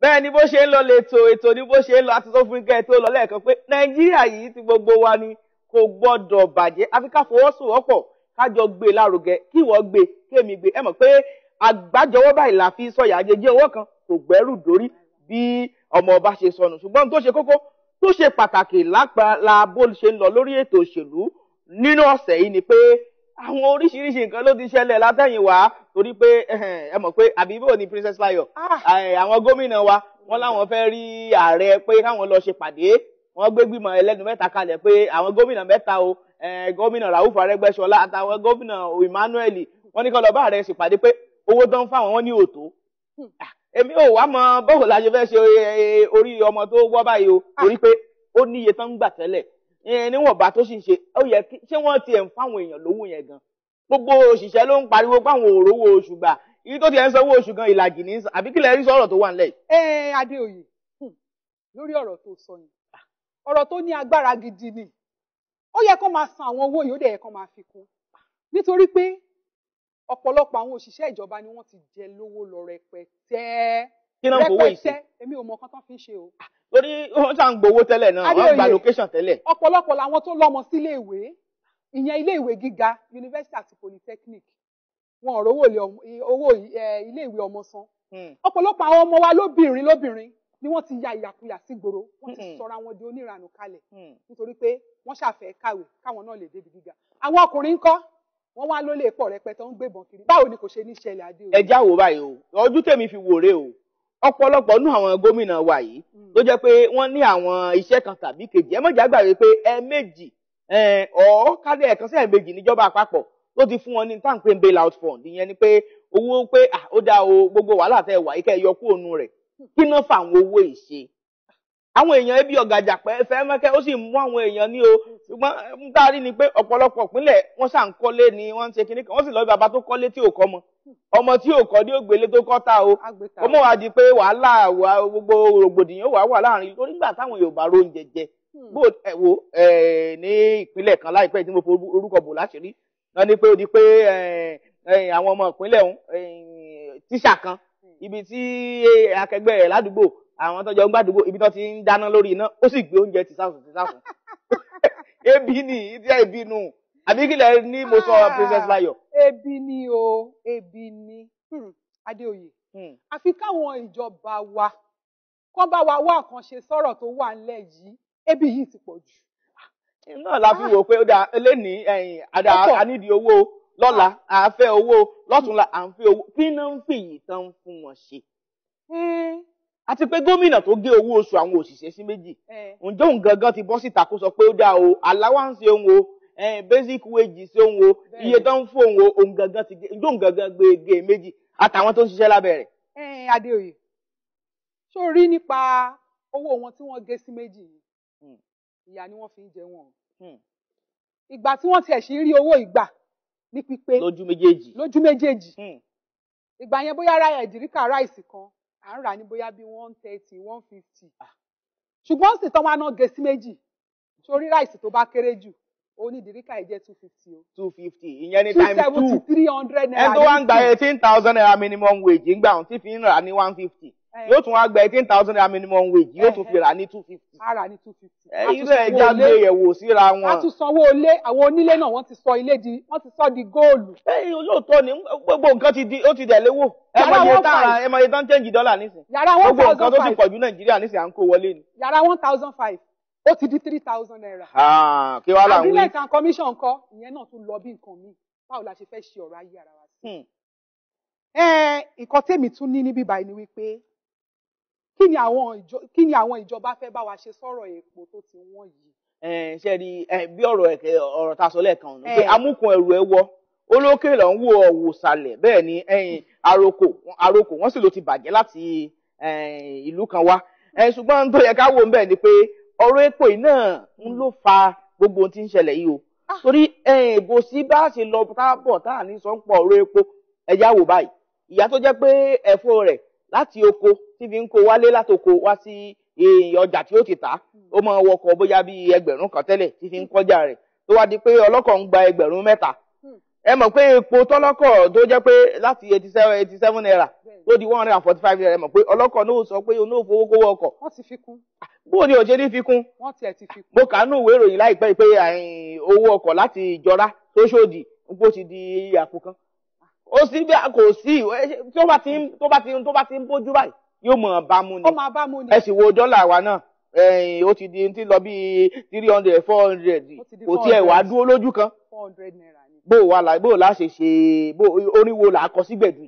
bẹ́ẹ̀ ni bó ṣe ń lọ lẹ́tọ̀ ètò ni bó ṣe ń lọ àti tó fún kẹ́ tó lọ lẹ́ẹ̀kan pé nàìjíríà yìí ti gbogbo wa ni kò gbọ́dọ̀ bàjẹ́ àfi ká fọwọ́sowọ́pọ̀ kájọ gbé lárugẹ kí ìwọ gbé kémi gbé ẹ mọ̀ pé àgbájọwọ́ báyìí la fi sọ̀yà àjẹjẹ owó kan kò gbẹ́rù dórí bí ọmọ ọba ṣe sọnù ṣùgbọ́n tó ṣe kókó tó ṣe pàtàkì lápá la bó ṣe ń lọ lórí ètò òṣèlú nínú ọ̀sẹ̀ yìí ni pé àwọn oríṣiríṣi nǹkan ló ti ṣẹlẹ̀ látẹ̀yìnwá torí pé ẹ mọ̀ pé àbí bò ní Princess Fayọ ah. àwọn gómìnà wa wọ́n láwọn fẹ́ rí ààrẹ pé káwọn lọ ṣe pàdé wọ́n gbé gbìmọ̀ ẹlẹ́nu mẹ́ta kalẹ̀ pé àwọn gómìnà mẹ́ta o gómìnà Rauf Arẹ́gbẹ́ṣọlá àtàwọn gómìnà Emmanuel wọ́n ní kó lọ bá ààrẹ ṣèpàdé pé owó tó ń fáwọn wọn ní òtó hmm. ah, èmi ò wá mọ báwo la ṣe fẹ́ ṣe orí ọmọ tó wọ́ báyìí o ah. torí pé ó níye tán ń gbà tẹ́lẹ̀ Eh, níwọ̀nba tó sì ń ṣe ó yẹ kí ṣé wọ́n ti ẹ̀ ń fáwọn èèyàn lówó yẹn gan gbogbo òṣìṣẹ́ ló ń pariwo páwọn òrówó oṣù gbà ibi tó ti ẹ̀ ń sanwó oṣù gan ìlàjì ní sàn àbí kí lẹ rí sọ̀rọ̀ tó wà nílẹ̀. ẹ eh, Adéoyè hmm, lórí ọ̀rọ̀ tó sọ yẹn ọ̀rọ̀ tó ní agbára gidi ni ó yẹ kó máa san àwọn owó yìí ó dẹ̀ yẹ kó máa fi kún nítorí pé ọ̀pọ̀lọpọ̀ àwọn òṣìṣẹ́ ìjọba ni wọ́n ti jẹ lówó lọ rẹpẹtẹ rẹpẹtẹ èmi ò mọ nǹkan tán fi ń ṣe o torí wọ́n ṣà ń gbowó tẹ́lẹ̀ náà wọ́n gba location tẹ́lẹ̀. ọ̀pọ̀lọpọ̀ làwọn tó lọ́mọ sí iléèwé ìyẹn iléèwé gíga university àti polytechnic wọn ò rówó owó iléèwé ọmọ san. Hmm. ọ̀pọ̀lọpọ̀ àwọn ọmọ wa lóbìnrin lóbìnrin ni wọ́n ti ya ìyàkuyà sí gbòòrò wọ́n ti hmm. sọra wọn di oníranù kalẹ̀ hmm. nítorí pé wọ́n ṣàfẹ́ kàwé káwọn náà lè débi gíga. àwọn ọkùnrin ńkọ́ wọ́n wá lólè pọ̀ rẹpẹtẹ ń gbébọn kiri báwo ni kò ṣe ní ṣẹlẹ̀ adé o. ẹ jáwọ́ báyìí o ojú tèmi fi wòrè o ọ̀pọ̀lọpọ̀ nú àwọn gómìnà wa yìí tó jẹ́ pé wọ́n ní àwọn iṣẹ́ kan tàbí kejì ẹ mọ̀jà gbàgbé pé ẹ méjì ọ̀ọ́ kádé ẹ̀kan sẹ́yìn méjì níjọba àpapọ̀ ló ti fún wọn ní táǹpé bail out fund ìyẹn ni pé owó pé ó dá o gbogbo wàhálà tẹ wà yìí kẹ́ ẹ yọ kúrò nù rẹ̀ kí náà fà àwọn owó ìṣe àwọn èèyàn ẹbí ọ̀gàjà pẹ́ fẹ́ mẹ́kẹ́ ó sì mú àwọn èèyàn ní o ṣùgbọ́n tá a rí ni pé ọ̀pọ̀lọpọ̀ ìpínlẹ̀ wọ́n ṣà ń kọ́lé ni wọ́n ń ṣe kinní kan wọ́n sì lọ bí bàbá tó kọ́lé tí ò kọ́ mọ ọmọ tí ò kọ́ ní ògbélé tó kọ́ ta o ó mọ̀ wá di pé wàhálà gbogbo rògbòdìyàn ó wà wà láàrin lórí nígbà táwọn Yorùbá ro oúnjẹ jẹ hmm. bó ẹ wo ẹ ní ìpínlẹ̀ kan láìpẹ́ tí mo fi orúkọ bò láṣìírí wọ́n ní pé ó di pé àwọn ọmọ ìpínlẹ̀ tíṣà kan hmm. ibi tí akẹgbẹ́ rẹ̀ ládùúgbò àwọn tó jọ ń gbàdúgbò ibi tó ti ń dáná lórí iná ó sì gbé oúnjẹ ti sáfù ti sáfù ebi ni ìdí ebi nù àbí kílẹ̀ ní mo sọ ah, princess layo. ebi ni o ebi ni hmm, adéoyè hmm. àfi káwọn ìjọba wa kán bá wa wá àkànṣe sọ̀rọ̀ tó wà ńlẹ̀ yìí ebi yìí ti pọ̀ jù. náà la fi ah. wò pé ó dáa eléyìí ẹ̀yìn àdá anídìí owó lọ́la àáfẹ́ ah. owó lọ́túnla à ń fi owó kí náà ń fìyì tán fún wọn ṣe. Hmm àti pé gómìnà tó gé owó oṣù àwọn òṣìṣẹ́ sí méjì ǹjẹ́ òun gangan ti bọ́ síta kó sọ pé ó dáa o allowance òun o basic wages òun o iye tó ń fún òun o òun gangan ti gé ǹjẹ́ òun gangan gbé gé méjì àtàwọn tó ń ṣiṣẹ́ lábẹ́ rẹ̀. Adéoyè ṣó rí nípa owó wọn tí wọ́n gé sí méjì yìí hmm. ìyà ni wọ́n fi ń jẹ wọn hmm. ìgbà tí wọ́n tiẹ̀ sì rí owó ìgbà ní pípé lójú méjèèjì lójú méjèèjì hmm. ìgbà yẹn bóyá ara ẹ̀dìríkà ráìsì kan à ń rà ní bóyá bíi one thirty one fifty ṣùgbọ́n sì tán wá náà gé sí méjì torí ráìsì tó bá kéré jù onídìríkà ẹ jẹ́ two fifty o. two fifty ìyẹn ní times two two seventy three hundred naira. ẹni tó wá ń gba eighteen thousand naira minimum wage ń gbà tí fi ń rà ní one fifty. Eh. yóò tún wá gba eighteen thousand naira minimum wage yóò tún fi eh, eh. rà ní two fifty. a rà ní two fifty. irú ẹ̀ já gbé yẹ̀wò síra wọn. a tún sanwó ilé àwọn onílé náà wọ́n ti sọ ilé di wọ́n ti sọ di góòlù. ẹyìn olóòótọ́ ni gbogbo nǹkan ti di ó ti dẹ̀ léwò. ẹ mọ iye tá ẹ mọ iye tán change dọ́là nísìn. yàrá one thousand five gbogbo nǹkan tó ti pọ̀ ju nàìjíríà nísìn à ń kó wọlé ni. yàrá one thousand five ó ti di three thousand naira. kí wàá làwọn wí. abilẹ̀ kan commission kọ ìyẹn náà tún lọ bí nǹkan mi báwo la ṣe fẹ́ ṣe ọ̀rọ̀ ayé ara wa sí. ẹ hmm. nǹkan tèmi tún ní níbí báyìí ni wípé ni àwọn ìjọ kí ni àwọn ìjọba fẹ́ bá wa ṣe sọ̀rọ̀ epo tó ti wọ́n yìí. ṣe rí bí ọ̀rọ̀ ọ̀rọ̀ ta sọ lẹ́ẹ̀kan ọ̀nà pé amúkun ẹrù ẹ wọ olókè lọ ń wo ọ̀wọ̀ sàlẹ̀ bẹ́ẹ̀ ni àròkò àròkò wọ́n sì ló ti bàjẹ́ láti ìlú kan wá ṣùgbọ́n tó yẹ ká wò ń bẹ̀ ni pé ọ̀rọ̀ epo yìí náà ń ló fa gbogbo ohun tí ń ṣẹlẹ̀ yìí o ah. torí kò sí bá ṣe lọ tábọ̀ tá à ní sọ ń pọ̀ ọ̀rọ̀ epo ẹ̀yà wò báyìí ìyá tó jẹ́ pé ẹ̀fọ́ rẹ̀ láti oko tí fi ń kó wálé látoko wá sí eh, ọjà tí ó ti tà hmm. ó máa wọkọ̀ bóyá bíi ẹgbẹ̀rún kan tẹ́lẹ̀ tí fi ń kọjá rẹ̀ tó wá di pé ọlọ́kọ̀ ń gba ẹgbẹ̀rún mẹ́ta hmm. ẹ mọ̀ pé epo tọ́lọ́kọ̀ tó jẹ́ pé láti eighty seven eighty seven naira tó di one hundred and forty five naira ẹ mọ̀ pé ọlọ́kọ̀ náà sọ pé òun náà fowó kówó ọkọ̀. wọ́n ti fi kún. bó o ní òjé ní fi kún. wọ́n tiẹ̀ ti fi kún. mo kà á nù ìwé ìròyìn láìpẹ́ pé owó ọkọ̀ láti ìjọra tó ṣòdì bó ti di àpò kan. Ah. ó sì bí a kò sí tó bá ti ń bójú báyìí yóò mọ̀ bámu ni. ó máa bámu ni. ẹ sì wo dọ́là wa náà ó ti di ti lọ bí three hundred four hundred kò tiẹ̀ wá dúró lójú kan. four hundred naira ni. bó o wà bó o láṣẹ ṣe bó oríwo là á kọ sígbẹ̀dù.